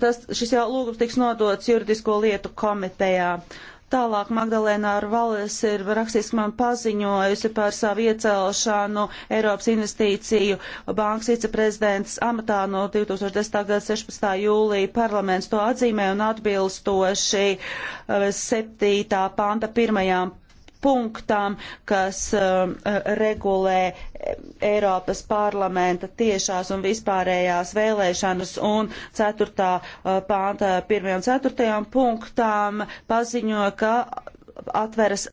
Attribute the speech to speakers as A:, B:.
A: Tas, šis jau lūgums tiks nodots juridisko lietu komitejā. Tālāk Magdalēna Arvales ir rakstiski man paziņojusi par savu iecelšanu Eiropas investīciju bankas viceprezidents amatā no 2010. gada 16. jūlija. Parlaments to atzīmē un atbilstoši 7. Eh, panta pirmajām punktam, kas um, uh, regulē eh, Eiropas parlamenta tiešās un vispārējās vēlēšanas un 4. pānta 1. un 4. punktam
B: paziņo, ka atveras